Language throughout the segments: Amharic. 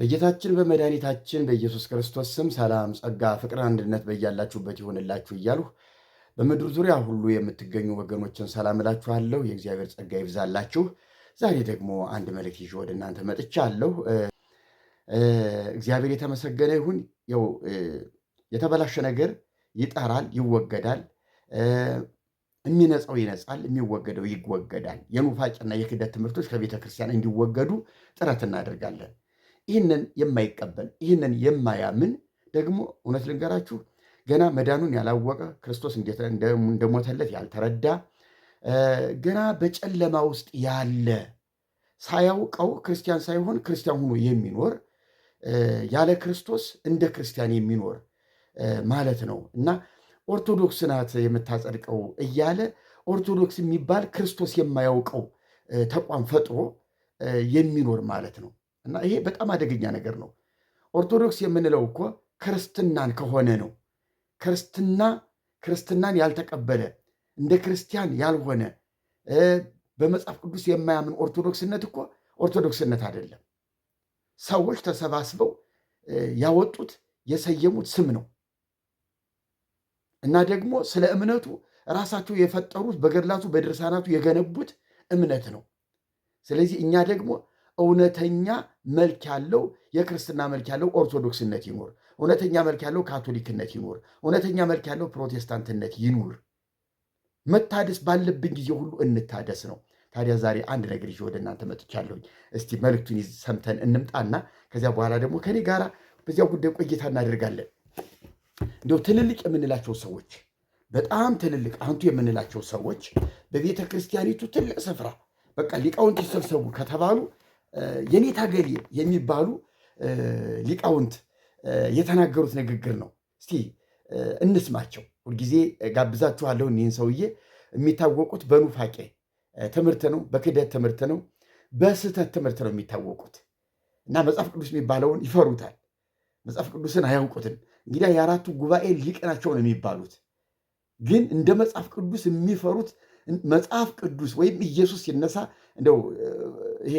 በጌታችን በመድኃኒታችን በኢየሱስ ክርስቶስ ስም ሰላም፣ ጸጋ፣ ፍቅር፣ አንድነት በያላችሁበት ይሆንላችሁ እያሉ በምድር ዙሪያ ሁሉ የምትገኙ ወገኖችን ሰላም እላችኋለሁ። የእግዚአብሔር ጸጋ ይብዛላችሁ። ዛሬ ደግሞ አንድ መልእክት ይዤ ወደ እናንተ መጥቻለሁ። እግዚአብሔር የተመሰገነ ይሁን። ያው የተበላሸ ነገር ይጠራል፣ ይወገዳል። የሚነጻው ይነጻል፣ የሚወገደው ይወገዳል። የኑፋጭና የክደት ትምህርቶች ከቤተ ክርስቲያን እንዲወገዱ ጥረት እናደርጋለን። ይህንን የማይቀበል ይህንን የማያምን ደግሞ እውነት ልንገራችሁ ገና መዳኑን ያላወቀ ክርስቶስ እንደሞተለት ያልተረዳ ገና በጨለማ ውስጥ ያለ ሳያውቀው ክርስቲያን ሳይሆን ክርስቲያን ሆኖ የሚኖር ያለ ክርስቶስ እንደ ክርስቲያን የሚኖር ማለት ነው እና ኦርቶዶክስ ናት የምታጸድቀው እያለ ኦርቶዶክስ የሚባል ክርስቶስ የማያውቀው ተቋም ፈጥሮ የሚኖር ማለት ነው። እና ይሄ በጣም አደገኛ ነገር ነው። ኦርቶዶክስ የምንለው እኮ ክርስትናን ከሆነ ነው። ክርስትና ክርስትናን ያልተቀበለ እንደ ክርስቲያን ያልሆነ በመጽሐፍ ቅዱስ የማያምን ኦርቶዶክስነት እኮ ኦርቶዶክስነት አይደለም። ሰዎች ተሰባስበው ያወጡት የሰየሙት ስም ነው እና ደግሞ ስለ እምነቱ ራሳቸው የፈጠሩት በገድላቱ በድርሳናቱ የገነቡት እምነት ነው። ስለዚህ እኛ ደግሞ እውነተኛ መልክ ያለው የክርስትና መልክ ያለው ኦርቶዶክስነት ይኖር፣ እውነተኛ መልክ ያለው ካቶሊክነት ይኖር፣ እውነተኛ መልክ ያለው ፕሮቴስታንትነት ይኑር። መታደስ ባለብን ጊዜ ሁሉ እንታደስ ነው። ታዲያ ዛሬ አንድ ነገር ይዤ ወደ እናንተ መጥቻለሁኝ። እስቲ መልእክቱን ሰምተን እንምጣና ከዚያ በኋላ ደግሞ ከኔ ጋራ በዚያ ጉዳይ ቆይታ እናደርጋለን። እንዲሁ ትልልቅ የምንላቸው ሰዎች በጣም ትልልቅ አንቱ የምንላቸው ሰዎች በቤተ ክርስቲያኒቱ ትልቅ ስፍራ በቃ ሊቃውንት ይሰብሰቡ ከተባሉ የኔታ ገሌ የሚባሉ ሊቃውንት የተናገሩት ንግግር ነው። እስቲ እንስማቸው። ሁልጊዜ ጋብዛችኋለሁ። ይህን ሰውዬ የሚታወቁት በኑፋቄ ትምህርት ነው፣ በክደት ትምህርት ነው፣ በስህተት ትምህርት ነው የሚታወቁት እና መጽሐፍ ቅዱስ የሚባለውን ይፈሩታል። መጽሐፍ ቅዱስን አያውቁትም። እንግዲህ የአራቱ ጉባኤ ሊቅ ናቸው ነው የሚባሉት። ግን እንደ መጽሐፍ ቅዱስ የሚፈሩት መጽሐፍ ቅዱስ ወይም ኢየሱስ ሲነሳ እንደው ይሄ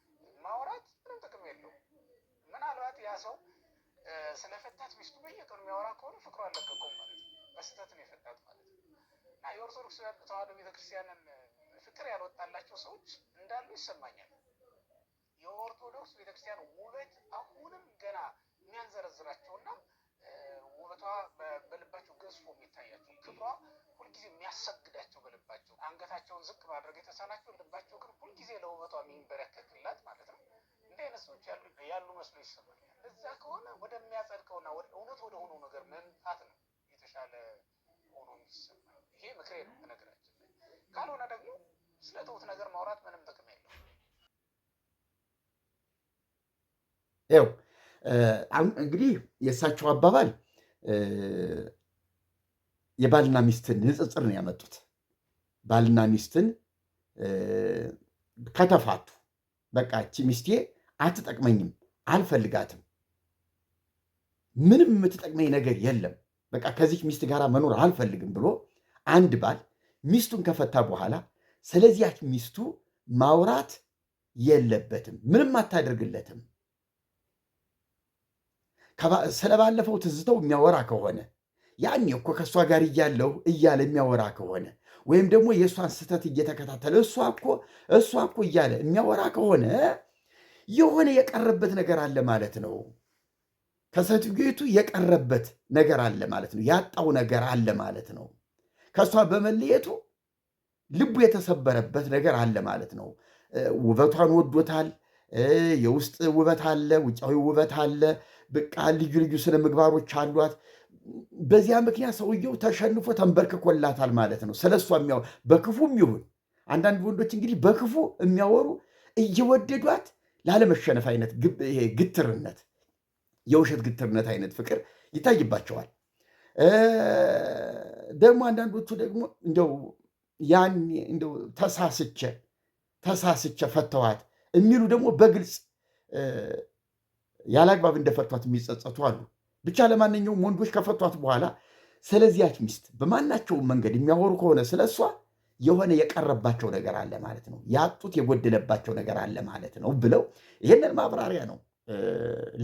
ማውራት ምንም ጥቅም የለውም። ምናልባት ያ ሰው ስለፈታት ሚስቱ በየቀኑ የሚያወራ ከሆነ ፍቅሩ አለቀቁም ማለት ነው። በስህተት ነው የፈታት ማለት ነው። እና የኦርቶዶክስ ተዋህዶ ቤተክርስቲያንን ፍቅር ያልወጣላቸው ሰዎች እንዳሉ ይሰማኛል። የኦርቶዶክስ ቤተክርስቲያን ውበት አሁንም ገና የሚያንዘረዝራቸውና ውበቷ በልባቸው ገዝፎ የሚታያቸው ክብሯ ሁልጊዜ የሚያሰግዳቸው በልባቸው አንገታቸውን ዝቅ ማድረግ የተሳናቸው ልባቸው ግን ሁልጊዜ ለውበቷ የሚንበረከክላት ማለት ነው። ይመስሉ ይሰማኛል። እዛ ከሆነ ወደሚያጸድቀውና እውነት ወደ ሆነው ነገር መምጣት ነው የተሻለ ሆኖ የሚሰማኝ። ይሄ ምክሬ ነው በነገራችን ላይ። ካልሆነ ደግሞ ስለ ትሁት ነገር ማውራት ምንም ጥቅም የለው። ይኸው እንግዲህ የእሳቸው አባባል የባልና ሚስትን ንጽጽር ነው ያመጡት። ባልና ሚስትን ከተፋቱ በቃ እቺ ሚስቴ አትጠቅመኝም አልፈልጋትም። ምንም የምትጠቅመኝ ነገር የለም፣ በቃ ከዚች ሚስት ጋር መኖር አልፈልግም ብሎ አንድ ባል ሚስቱን ከፈታ በኋላ ስለዚያች ሚስቱ ማውራት የለበትም። ምንም አታደርግለትም። ስለባለፈው ትዝተው የሚያወራ ከሆነ ያኔ እኮ ከእሷ ጋር እያለሁ እያለ የሚያወራ ከሆነ ወይም ደግሞ የእሷን ስህተት እየተከታተለ እሷ እኮ እሷ እኮ እያለ የሚያወራ ከሆነ የሆነ የቀረበት ነገር አለ ማለት ነው። ከሰርቲፊኬቱ የቀረበት ነገር አለ ማለት ነው። ያጣው ነገር አለ ማለት ነው። ከእሷ በመለየቱ ልቡ የተሰበረበት ነገር አለ ማለት ነው። ውበቷን ወዶታል። የውስጥ ውበት አለ፣ ውጫዊ ውበት አለ። በቃ ልዩ ልዩ ስነ ምግባሮች አሏት። በዚያ ምክንያት ሰውየው ተሸንፎ ተንበርክኮላታል ማለት ነው። ስለሷ የሚያወሩ በክፉም ይሁን አንዳንድ ወንዶች እንግዲህ በክፉ የሚያወሩ እየወደዷት ላለመሸነፍ አይነት ይሄ ግትርነት፣ የውሸት ግትርነት አይነት ፍቅር ይታይባቸዋል። ደግሞ አንዳንዶቹ ደግሞ እንደው ያን እንደው ተሳስቸ ተሳስቸ ፈተዋት የሚሉ ደግሞ በግልጽ ያለ አግባብ እንደፈቷት የሚጸጸቱ አሉ። ብቻ ለማንኛውም ወንዶች ከፈቷት በኋላ ስለዚያች ሚስት በማናቸውም መንገድ የሚያወሩ ከሆነ ስለሷ የሆነ የቀረባቸው ነገር አለ ማለት ነው። ያጡት የጎደለባቸው ነገር አለ ማለት ነው ብለው ይህንን ማብራሪያ ነው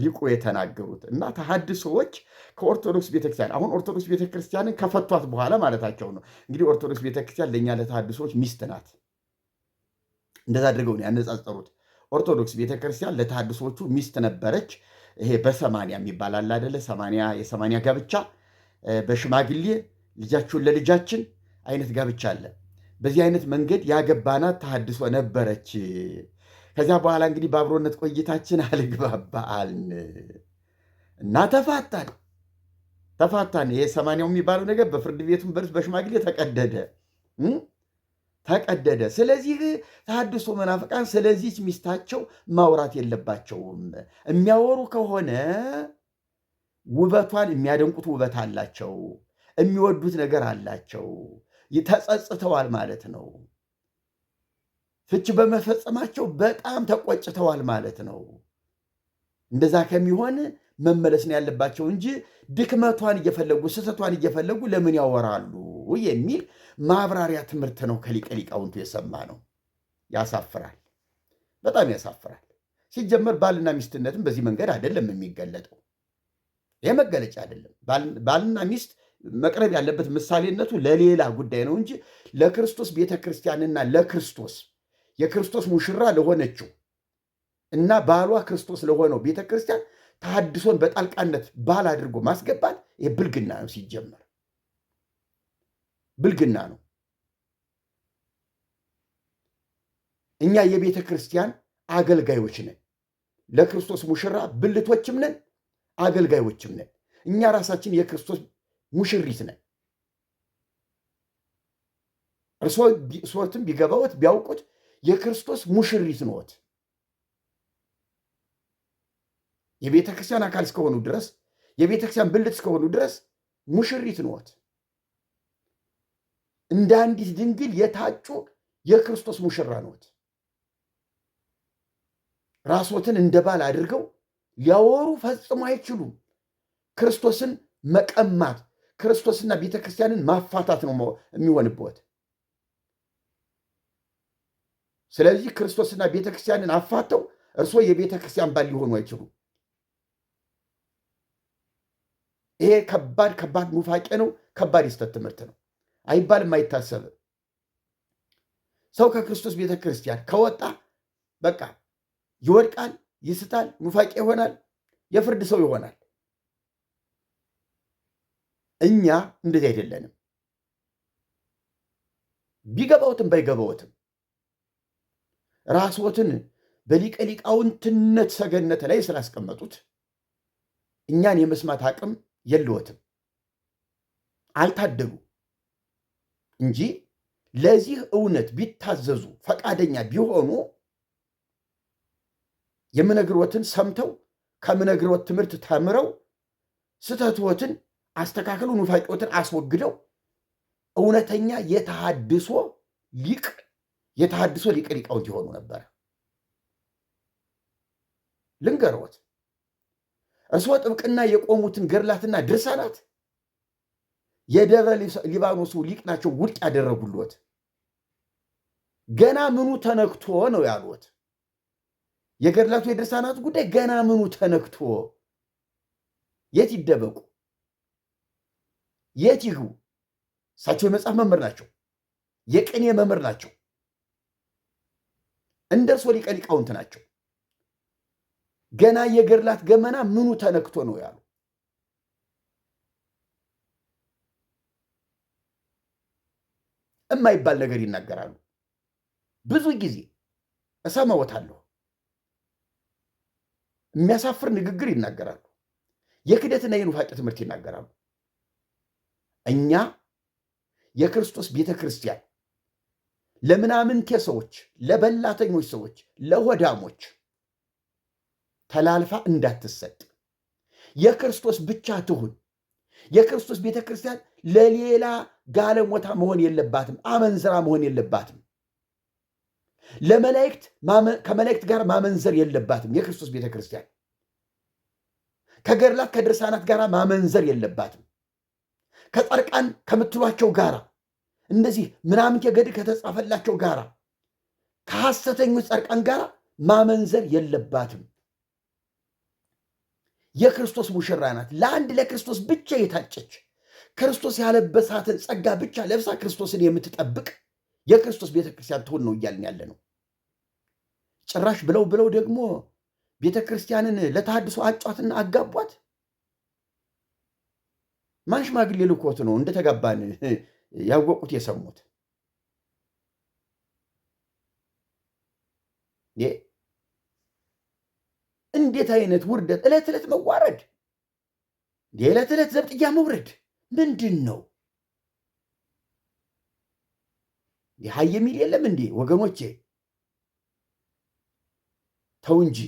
ሊቁ የተናገሩት እና ተሐድሶዎች ከኦርቶዶክስ ቤተክርስቲያን አሁን ኦርቶዶክስ ቤተክርስቲያንን ከፈቷት በኋላ ማለታቸው ነው። እንግዲህ ኦርቶዶክስ ቤተክርስቲያን ለእኛ ለተሐድሶዎች ሚስት ናት። እንደዛ አድርገው ነው ያነጻጸሩት። ኦርቶዶክስ ቤተክርስቲያን ለተሐድሶቹ ሚስት ነበረች። ይሄ በሰማንያ የሚባል አለ አይደለ? ሰማንያ የሰማንያ ጋብቻ በሽማግሌ ልጃችሁን ለልጃችን አይነት ጋብቻ አለ። በዚህ አይነት መንገድ ያገባናት ተሐድሶ ነበረች። ከዚያ በኋላ እንግዲህ በአብሮነት ቆይታችን አልግባባ አልን እና ተፋታን ተፋታን። ይሄ ሰማንያው የሚባለው ነገር በፍርድ ቤቱም በርስ በሽማግሌ ተቀደደ ተቀደደ። ስለዚህ ተሐድሶ መናፍቃን ስለዚች ሚስታቸው ማውራት የለባቸውም። የሚያወሩ ከሆነ ውበቷን የሚያደንቁት ውበት አላቸው፣ የሚወዱት ነገር አላቸው። ተጸጽተዋል ማለት ነው። ፍች በመፈጸማቸው በጣም ተቆጭተዋል ማለት ነው። እንደዛ ከሚሆን መመለስ ነው ያለባቸው እንጂ ድክመቷን እየፈለጉ ስህተቷን እየፈለጉ ለምን ያወራሉ የሚል ማብራሪያ ትምህርት ነው ከሊቀ ሊቃውንቱ የሰማ ነው። ያሳፍራል፣ በጣም ያሳፍራል። ሲጀመር ባልና ሚስትነትም በዚህ መንገድ አይደለም የሚገለጠው። ይህ መገለጫ አይደለም። ባልና ሚስት መቅረብ ያለበት ምሳሌነቱ ለሌላ ጉዳይ ነው እንጂ ለክርስቶስ ቤተ ክርስቲያንና ለክርስቶስ የክርስቶስ ሙሽራ ለሆነችው እና ባሏ ክርስቶስ ለሆነው ቤተ ክርስቲያን ተሐድሶን በጣልቃነት ባል አድርጎ ማስገባት ይህ ብልግና ነው። ሲጀመር ብልግና ነው። እኛ የቤተ ክርስቲያን አገልጋዮች ነን። ለክርስቶስ ሙሽራ ብልቶችም ነን፣ አገልጋዮችም ነን። እኛ ራሳችን የክርስቶስ ሙሽሪት ነን። እርሶትም ቢገባዎት ቢያውቁት የክርስቶስ ሙሽሪት ነዎት። የቤተ ክርስቲያን አካል እስከሆኑ ድረስ የቤተ ክርስቲያን ብልት እስከሆኑ ድረስ ሙሽሪት ነዎት። እንደ አንዲት ድንግል የታጩ የክርስቶስ ሙሽራ ነዎት። ራስዎትን እንደ ባል አድርገው ሊያወሩ ፈጽሞ አይችሉም። ክርስቶስን መቀማት ክርስቶስና ቤተ ክርስቲያንን ማፋታት ነው የሚሆንበት። ስለዚህ ክርስቶስና ቤተ ክርስቲያንን አፋተው እርስዎ የቤተ ክርስቲያን ባል ሊሆኑ አይችሉም። ይሄ ከባድ ከባድ ሙፋቄ ነው። ከባድ የስተት ትምህርት ነው። አይባልም፣ አይታሰብም። ሰው ከክርስቶስ ቤተ ክርስቲያን ከወጣ በቃ ይወድቃል፣ ይስታል፣ ሙፋቄ ይሆናል፣ የፍርድ ሰው ይሆናል። እኛ እንደዚህ አይደለንም። ቢገባዎትም ባይገባዎትም ራስዎትን በሊቀ ሊቃውንትነት ሰገነት ላይ ስላስቀመጡት እኛን የመስማት አቅም የለዎትም፣ አልታደሉ እንጂ ለዚህ እውነት ቢታዘዙ ፈቃደኛ ቢሆኑ የምነግሮትን ሰምተው ከምነግሮት ትምህርት ተምረው ስተትዎትን አስተካክለው ኑፋቂዎትን አስወግደው እውነተኛ የተሃድሶ ሊቅ የተሃድሶ ሊቅ ሊቃውንት የሆኑ ነበር። ልንገርዎት እርስዎ ጥብቅና የቆሙትን ገድላትና ድርሳናት የደብረ ሊባኖሱ ሊቅ ናቸው ውድቅ ያደረጉልዎት። ገና ምኑ ተነክቶ ነው ያሉት። የገድላቱ የድርሳናቱ ጉዳይ ገና ምኑ ተነክቶ የት ይደበቁ? የት ይግቡ? እሳቸው የመጽሐፍ መምህር ናቸው፣ የቅኔ መምህር ናቸው፣ እንደ እርሶ ሊቀ ሊቃውንት ናቸው። ገና የገድላት ገመና ምኑ ተነክቶ ነው ያሉ የማይባል ነገር ይናገራሉ። ብዙ ጊዜ እሰማዎታለሁ። የሚያሳፍር ንግግር ይናገራሉ። የክደትና የኑፋቄ ትምህርት ይናገራሉ። እኛ የክርስቶስ ቤተ ክርስቲያን ለምናምንቴ ሰዎች፣ ለበላተኞች ሰዎች፣ ለሆዳሞች ተላልፋ እንዳትሰጥ የክርስቶስ ብቻ ትሁን። የክርስቶስ ቤተ ክርስቲያን ለሌላ ጋለሞታ መሆን የለባትም። አመንዝራ መሆን የለባትም። ለመላእክት ከመላእክት ጋር ማመንዘር የለባትም። የክርስቶስ ቤተ ክርስቲያን ከገድላት ከድርሳናት ጋር ማመንዘር የለባትም። ከጻድቃን ከምትሏቸው ጋራ እንደዚህ ምናምን የገድ ከተጻፈላቸው ጋራ ከሐሰተኞች ጸርቃን ጋር ማመንዘር የለባትም። የክርስቶስ ሙሽራ ናት። ለአንድ ለክርስቶስ ብቻ የታጨች ክርስቶስ ያለበሳትን ጸጋ ብቻ ለብሳ ክርስቶስን የምትጠብቅ የክርስቶስ ቤተክርስቲያን ትሆን ነው እያልን ያለ ነው። ጭራሽ ብለው ብለው ደግሞ ቤተክርስቲያንን ለተሃድሶ አጫትና አጋቧት። ማን ሽማግሌ ልኮት ነው እንደተጋባን ያወቁት የሰሙት? እንዴት አይነት ውርደት! ዕለት ዕለት መዋረድ፣ የዕለት ዕለት ዘብጥያ መውረድ ምንድን ነው? ሀይ የሚል የለም እንዴ ወገኖቼ? ተው እንጂ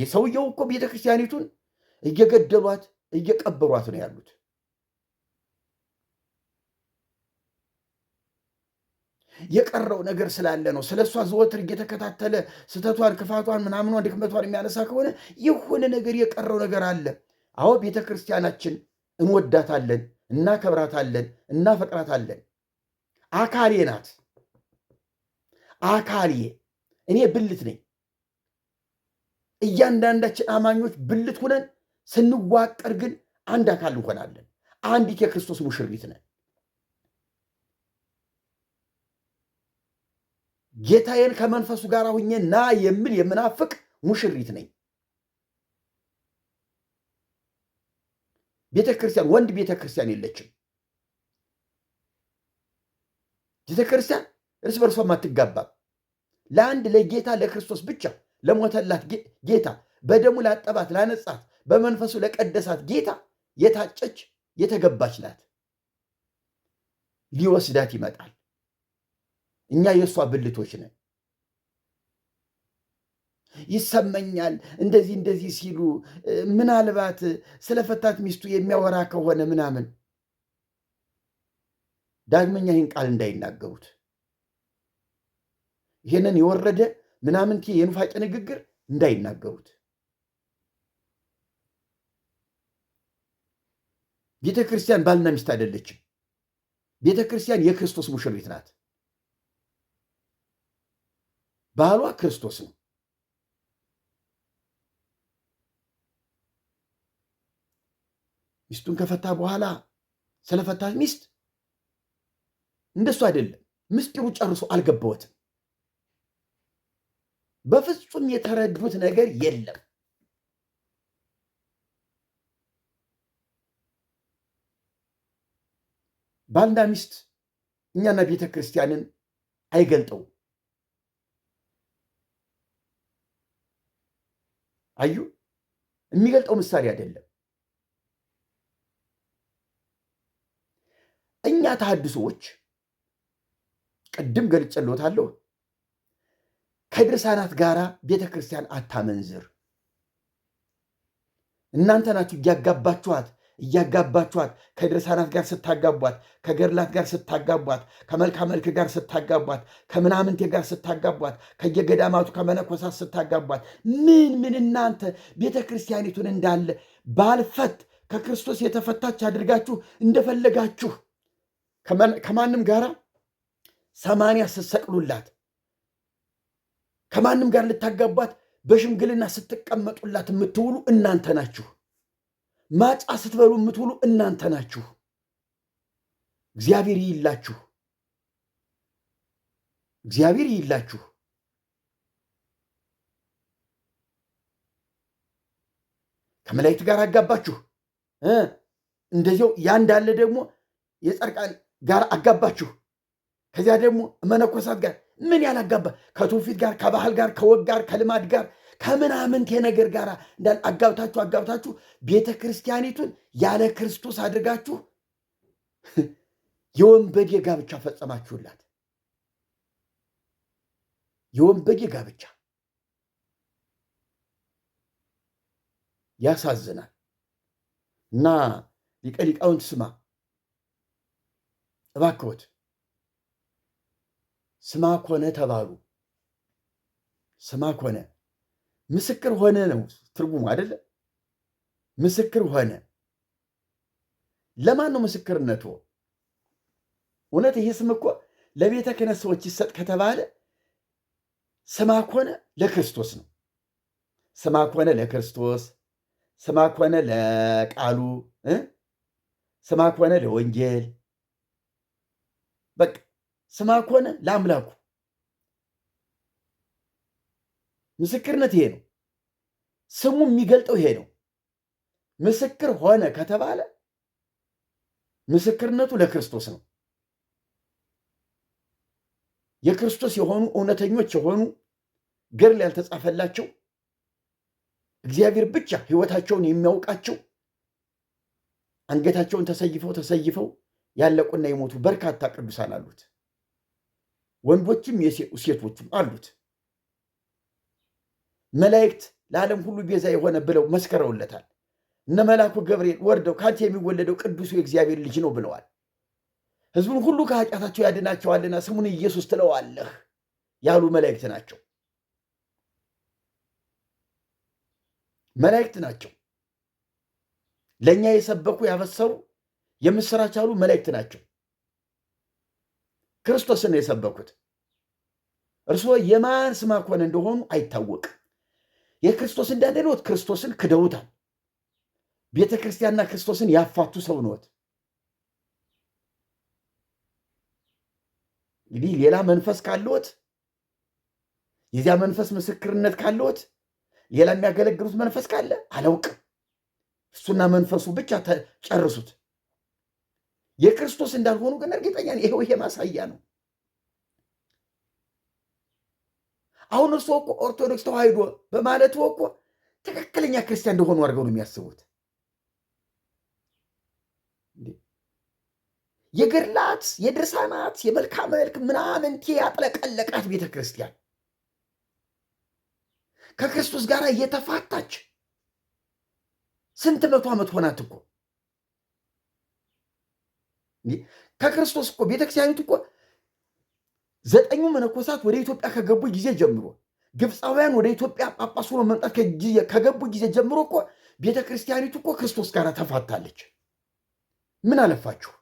የሰውየው እኮ ቤተክርስቲያኒቱን እየገደሏት እየቀበሯት ነው ያሉት። የቀረው ነገር ስላለ ነው። ስለ እሷ ዘወትር እየተከታተለ ስተቷን፣ ክፋቷን፣ ምናምኗን፣ ድክመቷን የሚያነሳ ከሆነ የሆነ ነገር የቀረው ነገር አለ። አዎ ቤተ ክርስቲያናችን እንወዳታለን፣ እናከብራታለን፣ እናፈቅራታለን። አካሌ ናት። አካሌ እኔ ብልት ነኝ። እያንዳንዳችን አማኞች ብልት ሁነን ስንዋቀር ግን አንድ አካል እንሆናለን። አንዲት የክርስቶስ ሙሽሪት ነን። ጌታዬን ከመንፈሱ ጋር ሁኜ ና የምል የምናፍቅ ሙሽሪት ነኝ። ቤተ ክርስቲያን ወንድ ቤተ ክርስቲያን የለችም። ቤተ ክርስቲያን እርስ በርሷ አትጋባም። ለአንድ ለጌታ ለክርስቶስ ብቻ ለሞተላት ጌታ በደሙ ላጠባት ላነጻት በመንፈሱ ለቀደሳት ጌታ የታጨች የተገባች ናት። ሊወስዳት ይመጣል። እኛ የእሷ ብልቶች ነን። ይሰመኛል እንደዚህ እንደዚህ ሲሉ ምናልባት ስለፈታት ሚስቱ የሚያወራ ከሆነ ምናምን ዳግመኛ ይህን ቃል እንዳይናገሩት ይህንን የወረደ ምናምንቴ የኑፋጭ ንግግር እንዳይናገሩት ቤተ ክርስቲያን ባልና ሚስት አይደለችም። ቤተ ክርስቲያን የክርስቶስ ሙሽሪት ናት። ባሏ ክርስቶስ ነው። ሚስቱን ከፈታ በኋላ ስለፈታ ሚስት እንደሱ አይደለም። ምስጢሩ ጨርሶ አልገባወትም። በፍጹም የተረዱት ነገር የለም። ባልና ሚስት እኛና ቤተ ክርስቲያንን አይገልጠው። አዩ የሚገልጠው ምሳሌ አይደለም። እኛ ተሐድሶዎች ቅድም ገልጬልዎታለሁ። ከድርሳናት ጋር ቤተ ክርስቲያን አታመንዝር። እናንተ ናችሁ እያጋባችኋት እያጋባችኋት ከድርሳናት ጋር ስታጋቧት፣ ከገድላት ጋር ስታጋቧት፣ ከመልካ መልክ ጋር ስታጋቧት፣ ከምናምንቴ ጋር ስታጋቧት፣ ከየገዳማቱ ከመነኮሳት ስታጋቧት ምን ምን እናንተ ቤተ ክርስቲያኒቱን እንዳለ ባልፈት ከክርስቶስ የተፈታች አድርጋችሁ እንደፈለጋችሁ ከማንም ጋር ሰማንያ ስትሰቅሉላት ከማንም ጋር ልታጋቧት በሽምግልና ስትቀመጡላት የምትውሉ እናንተ ናችሁ። ማጫ ስትበሉ የምትውሉ እናንተ ናችሁ። እግዚአብሔር ይላችሁ፣ እግዚአብሔር ይላችሁ። ከመላእክት ጋር አጋባችሁ። እንደዚያው ያ እንዳለ ደግሞ የጸርቃን ጋር አጋባችሁ። ከዚያ ደግሞ መነኮሳት ጋር ምን ያላጋባ ከትውፊት ጋር፣ ከባህል ጋር፣ ከወግ ጋር፣ ከልማድ ጋር ከምናምንቴ ነገር ጋር እንዳል አጋብታችሁ አጋብታችሁ ቤተ ክርስቲያኒቱን ያለ ክርስቶስ አድርጋችሁ የወንበዴ ጋብቻ ፈጸማችሁላት። የወንበዴ ጋብቻ ያሳዝናል። እና ሊቀ ሊቃውንት ስማ እባክዎት ስማ ኮነ ተባሉ ስማ ኮነ ምስክር ሆነ ነው ትርጉሙ አይደለ? ምስክር ሆነ። ለማን ነው ምስክርነቱ? እውነት ይሄ ስም እኮ ለቤተ ክህነት ሰዎች ይሰጥ ከተባለ ስማ ኮነ ለክርስቶስ ነው። ስማ ኮነ ለክርስቶስ፣ ስማ ኮነ ለቃሉ፣ ስማ ኮነ ለወንጌል፣ በቃ ስማ ኮነ ለአምላኩ ምስክርነት ይሄ ነው። ስሙ የሚገልጠው ይሄ ነው። ምስክር ሆነ ከተባለ ምስክርነቱ ለክርስቶስ ነው። የክርስቶስ የሆኑ እውነተኞች የሆኑ ገድል ያልተጻፈላቸው እግዚአብሔር ብቻ ሕይወታቸውን የሚያውቃቸው አንገታቸውን ተሰይፈው ተሰይፈው ያለቁና የሞቱ በርካታ ቅዱሳን አሉት። ወንዶችም ሴቶችም አሉት። መላእክት ለዓለም ሁሉ ቤዛ የሆነ ብለው መስከረውለታል። እነ መልአኩ ገብርኤል ወርደው ከአንተ የሚወለደው ቅዱሱ የእግዚአብሔር ልጅ ነው ብለዋል። ሕዝቡን ሁሉ ከኃጢአታቸው ያድናቸዋልና ስሙን ኢየሱስ ትለዋለህ ያሉ መላእክት ናቸው። መላእክት ናቸው። ለእኛ የሰበኩ ያበሰሩ፣ የምስራች ያሉ መላእክት ናቸው። ክርስቶስን ነው የሰበኩት። እርስዎ የማን ስማኮን እንደሆኑ አይታወቅም። የክርስቶስ እንዳደንወት ክርስቶስን ክደውታል። ቤተ ክርስቲያንና ክርስቶስን ያፋቱ ሰው ነዎት። እንግዲህ ሌላ መንፈስ ካለዎት የዚያ መንፈስ ምስክርነት ካለዎት ሌላ የሚያገለግሉት መንፈስ ካለ አላውቅም። እሱና መንፈሱ ብቻ ጨርሱት። የክርስቶስ እንዳልሆኑ ግን እርግጠኛ ይሄው ይሄ ማሳያ ነው። አሁን እርስ እኮ ኦርቶዶክስ ተዋሕዶ በማለት እኮ ትክክለኛ ክርስቲያን እንደሆኑ አድርገው ነው የሚያስቡት። የግርላት፣ የድርሳናት የመልካ መልክ ምናምንቴ ያጥለቀለቃት ቤተ ክርስቲያን ከክርስቶስ ጋር እየተፋታች ስንት መቶ ዓመት ሆናት እኮ ከክርስቶስ እኮ ቤተክርስቲያኒቱ እኮ ዘጠኙ መነኮሳት ወደ ኢትዮጵያ ከገቡ ጊዜ ጀምሮ ግብፃውያን ወደ ኢትዮጵያ ጳጳስ ሆኖ መምጣት ከገቡ ጊዜ ጀምሮ እኮ ቤተ ክርስቲያኒቱ እኮ ክርስቶስ ጋር ተፋታለች። ምን አለፋችሁ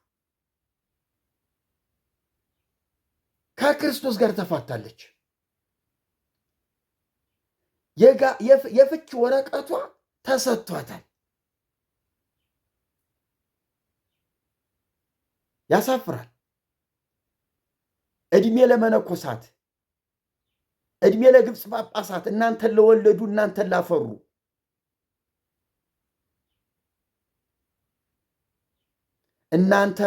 ከክርስቶስ ጋር ተፋታለች። የፍች ወረቀቷ ተሰጥቷታል። ያሳፍራል። እድሜ ለመነኮሳት፣ እድሜ ለግብፅ ጳጳሳት፣ እናንተን ለወለዱ፣ እናንተን ላፈሩ እናንተ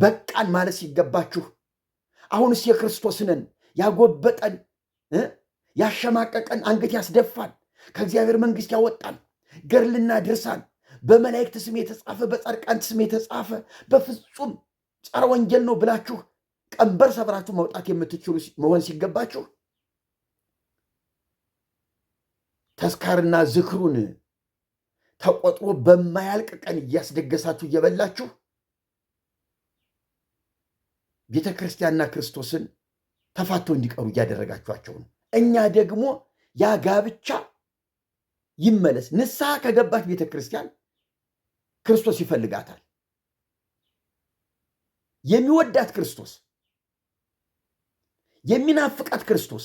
በቃን ማለት ሲገባችሁ፣ አሁንስ የክርስቶስ ነን ያጎበጠን ያሸማቀቀን አንገት ያስደፋን ከእግዚአብሔር መንግሥት ያወጣን ገርልና ድርሳን በመላእክት ስም የተጻፈ በጻድቃን ስም የተጻፈ በፍጹም ጸረ ወንጌል ነው ብላችሁ ቀንበር ሰብራችሁ መውጣት የምትችሉ መሆን ሲገባችሁ ተስካርና ዝክሩን ተቆጥሮ በማያልቅ ቀን እያስደገሳችሁ እየበላችሁ ቤተ ክርስቲያንና ክርስቶስን ተፋቶ እንዲቀሩ እያደረጋችኋቸው ነው። እኛ ደግሞ ያ ጋብቻ ይመለስ። ንስሐ ከገባች ቤተ ክርስቲያን ክርስቶስ ይፈልጋታል። የሚወዳት ክርስቶስ የሚናፍቃት ክርስቶስ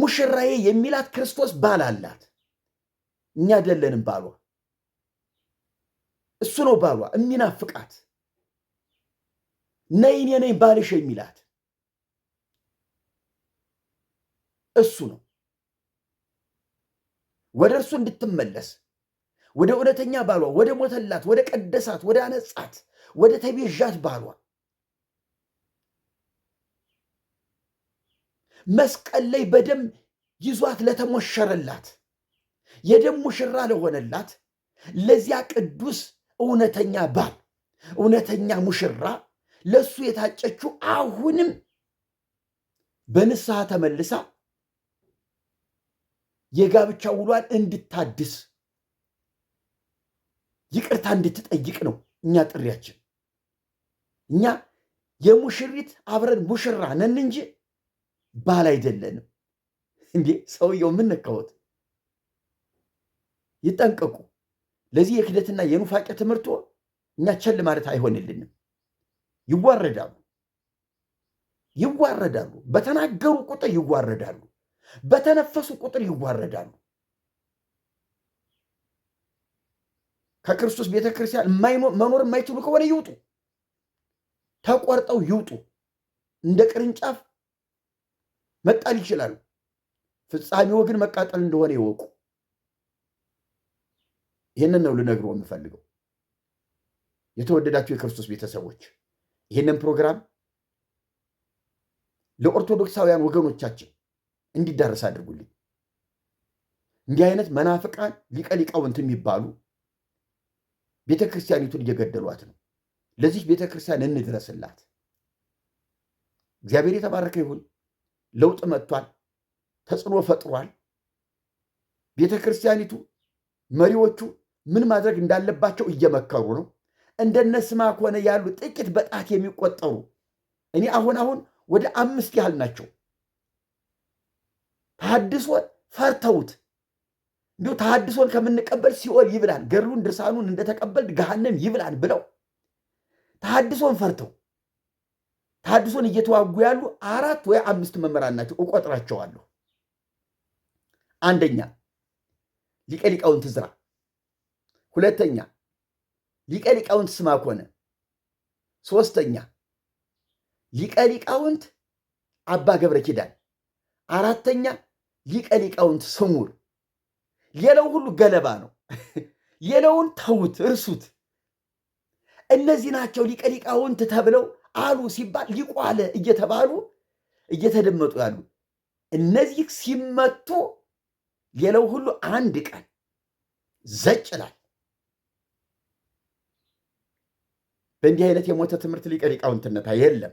ሙሽራዬ የሚላት ክርስቶስ ባል አላት። እኛ አይደለንም ባሏ፣ እሱ ነው ባሏ። የሚናፍቃት ነይ እኔ ነኝ ባልሽ የሚላት እሱ ነው። ወደ እርሱ እንድትመለስ ወደ እውነተኛ ባሏ፣ ወደ ሞተላት፣ ወደ ቀደሳት፣ ወደ አነጻት፣ ወደ ተቤዣት ባሏ መስቀል ላይ በደም ይዟት ለተሞሸረላት የደም ሙሽራ ለሆነላት ለዚያ ቅዱስ እውነተኛ ባል እውነተኛ ሙሽራ ለእሱ የታጨችው አሁንም በንስሐ ተመልሳ የጋብቻ ውሏን እንድታድስ ይቅርታ እንድትጠይቅ ነው እኛ ጥሪያችን። እኛ የሙሽሪት አብረን ሙሽራ ነን እንጂ ባል አይደለንም እንዴ? ሰውየው የምንካወት ይጠንቀቁ። ለዚህ የክደትና የኑፋቄ ትምህርቶ እኛ ቸል ማለት አይሆንልንም። ይዋረዳሉ ይዋረዳሉ። በተናገሩ ቁጥር ይዋረዳሉ። በተነፈሱ ቁጥር ይዋረዳሉ። ከክርስቶስ ቤተክርስቲያን መኖር የማይችሉ ከሆነ ይውጡ፣ ተቆርጠው ይውጡ እንደ ቅርንጫፍ መጣል ይችላል። ፍጻሜው ግን መቃጠል እንደሆነ ይወቁ። ይህንን ነው ልነግሮ የምፈልገው። የተወደዳችሁ የክርስቶስ ቤተሰቦች ይህንን ፕሮግራም ለኦርቶዶክሳውያን ወገኖቻችን እንዲዳረስ አድርጉልኝ። እንዲህ አይነት መናፍቃን ሊቀ ሊቃውንት የሚባሉ ቤተ ክርስቲያኒቱን እየገደሏት ነው። ለዚህ ቤተ ክርስቲያን እንድረስላት። እግዚአብሔር የተባረከ ይሁን። ለውጥ መጥቷል፣ ተጽዕኖ ፈጥሯል። ቤተ ክርስቲያኒቱ መሪዎቹ ምን ማድረግ እንዳለባቸው እየመከሩ ነው። እንደነ ከሆነ ያሉ ጥቂት በጣት የሚቆጠሩ እኔ አሁን አሁን ወደ አምስት ያህል ናቸው። ተሐድሶን ፈርተውት እንዲሁ ተሐድሶን ከምንቀበል ሲኦል ይብላን ገድሉን ድርሳኑን እንደተቀበል ገሃነም ይብላን ብለው ተሐድሶን ፈርተው ታድሶን እየተዋጉ ያሉ አራት ወይ አምስት መምህራን ናቸው እቆጥራቸዋለሁ። አንደኛ ሊቀ ሊቃውንት ዝራ፣ ሁለተኛ ሊቀ ሊቃውንት ኮነ ሶስተኛ ሊቀ ሊቃውንት አባ ገብረ ኪዳን፣ አራተኛ ሊቀ ሊቃውንት ስሙር። ሌላው ሁሉ ገለባ ነው። ሌላውን ተዉት፣ እርሱት። እነዚህ ናቸው ሊቀ ሊቃውንት ተብለው አሉ ሲባል ሊቁ አለ እየተባሉ እየተደመጡ ያሉ እነዚህ ሲመቱ ሌላው ሁሉ አንድ ቀን ዘጭ ላል በእንዲህ አይነት የሞተ ትምህርት ሊቀ ሊቃውንትነት የለም።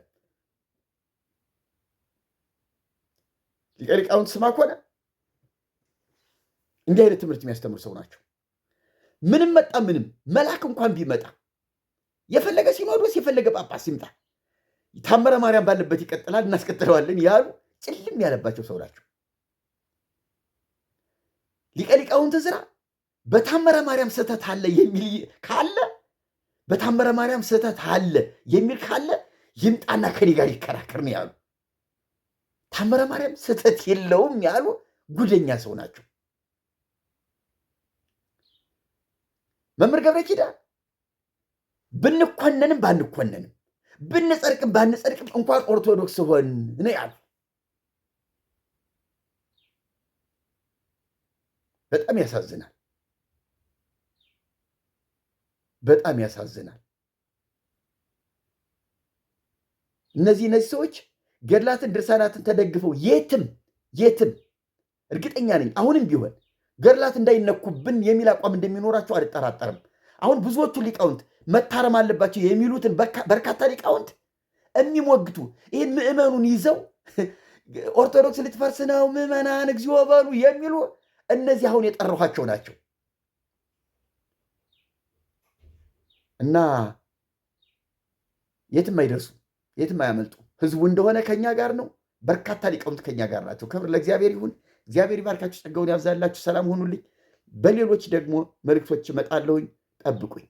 ሊቀ ሊቃውንት ስማ ከሆነ እንዲህ አይነት ትምህርት የሚያስተምሩ ሰው ናቸው። ምንም መጣ ምንም መልአክ እንኳን ቢመጣ የፈለገ ሲኖዶስ የፈለገ ጳጳስ ይምጣ ታምረ ማርያም ባለበት ይቀጥላል፣ እናስቀጥለዋለን ያሉ ጭልም ያለባቸው ሰው ናቸው። ሊቀ ሊቃውንት ዕዝራ በታምረ ማርያም ስህተት አለ የሚል ካለ በታምረ ማርያም ስህተት አለ የሚል ካለ ይምጣና ከኔ ጋር ይከራከር ነው ያሉ። ታምረ ማርያም ስህተት የለውም ያሉ ጉደኛ ሰው ናቸው። መምህር ገብረ ኪዳን ብንኮነንም ባንኮነንም ብንጸድቅም ባንጸድቅም እንኳን ኦርቶዶክስ ሆን ነው ያሉ። በጣም ያሳዝናል። በጣም ያሳዝናል። እነዚህ እነዚህ ሰዎች ገድላትን ድርሳናትን ተደግፈው የትም የትም እርግጠኛ ነኝ አሁንም ቢሆን ገድላት እንዳይነኩብን የሚል አቋም እንደሚኖራቸው አልጠራጠርም። አሁን ብዙዎቹ ሊቃውንት መታረም አለባቸው የሚሉትን በርካታ ሊቃውንት የሚሞግቱ ይህን ምዕመኑን ይዘው ኦርቶዶክስ ልትፈርስ ነው ምዕመናን እግዚኦ በሉ የሚሉ እነዚህ አሁን የጠራኋቸው ናቸው እና የትም አይደርሱ፣ የትም አያመልጡ። ህዝቡ እንደሆነ ከኛ ጋር ነው። በርካታ ሊቃውንት ከኛ ጋር ናቸው። ክብር ለእግዚአብሔር ይሁን። እግዚአብሔር ይባርካችሁ፣ ጸጋውን ያብዛላችሁ። ሰላም ሆኑልኝ። በሌሎች ደግሞ መልእክቶች እመጣለሁኝ። ጠብቁኝ።